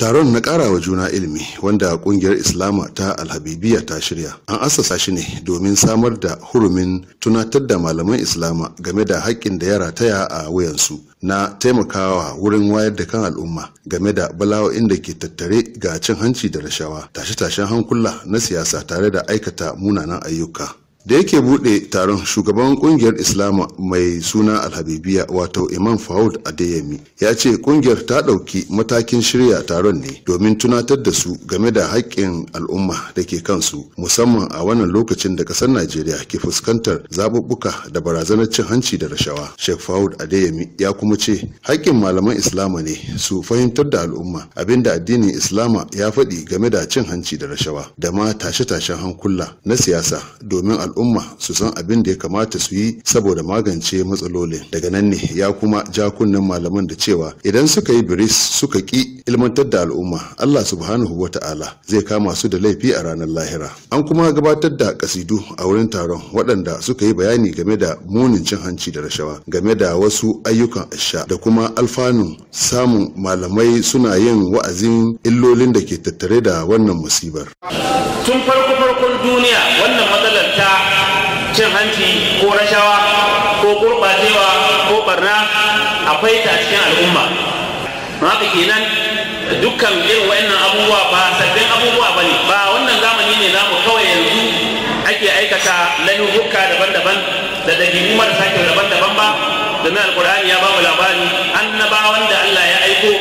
taron na wa juna ilimi wanda kungiyar islama ta alhabibiya ta shirya an assasa shi ne domin samar da hurumin tunatar da malaman islama game da haƙƙin da ya rataya a wuyansu na taimakawa wurin wayar da kan al'umma game da bala'o'in da ke tattare ga cin hanci da rashawa tashe-tashen hankula na siyasa tare da aikata munanan ayyuka da yake bude taron shugaban kungiyar islama mai suna alhabibiya wato imam fahud adeyemi ya ce kungiyar ta ɗauki matakin shirya taron ne domin tunatar da su game da haƙƙin al'umma da ke kansu musamman a wannan lokacin da ƙasar najeriya ke fuskantar zaɓuɓɓuka da barazanar cin hanci da rashawa sheikh fahud adeyemi ya kuma ce haƙƙin malaman islama ne su fahimtar da al'umma abinda addinin islama ya faɗi game da cin hanci da rashawa da ma tashe-tashen hankula na siyasa domin al'umma su san abin da ya kamata su yi saboda magance matsalolin daga nan ne ya kuma ja kunnen malaman da cewa idan suka yi biris suka ki ilmantar da al'umma Allah subhanahu wa ta'ala zai kama su da laifi a ranar lahira an kuma gabatar da kasidu a wurin taron waɗanda suka yi bayani game da munin cin hanci da rashawa game da wasu ayyukan asha da kuma alfanun samun malamai suna yin wa'azin illolin da ke tattare da wannan musibar tun farko farkon duniya cin hanci ko rashawa ko gurɓacewa ko barna akwai ta cikin al'umma haka kenan dukkan irin wa'annan abubuwa ba sabbin abubuwa ba ne ba wannan zamani ne namu kawai yanzu ake aikata lalubuka daban-daban da dabi'u marasa kyau daban-daban ba domin alkur'ani ya bamu labari annabawan da Allah ya aiko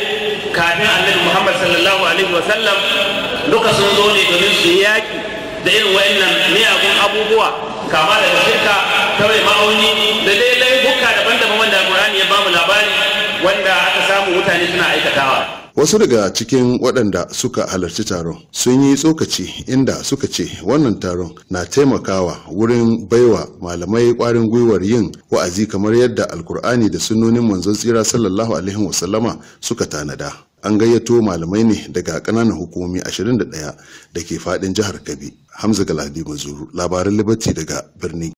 kafin annabi Muhammad sallallahu alaihi wa sallam duka sun zo ne domin su yi yaki da irin wa'annan miyagun abubuwa kama daga shirka ta mai ma'auni da dai wanda aka samu mutane suna aikatawa wasu daga cikin waɗanda suka halarci taron sun yi tsokaci inda suka ce wannan taron na taimakawa wurin baiwa malamai ƙwarin gwiwar yin wa'azi kamar yadda alkur'ani da sunnonin manzon tsira sallallahu alaihi wasallama suka tanada an gayyato malamai ne daga ƙananan hukumomi 21 da ke faɗin jihar kabi hamza galadi mazuru labaran liberty daga birnin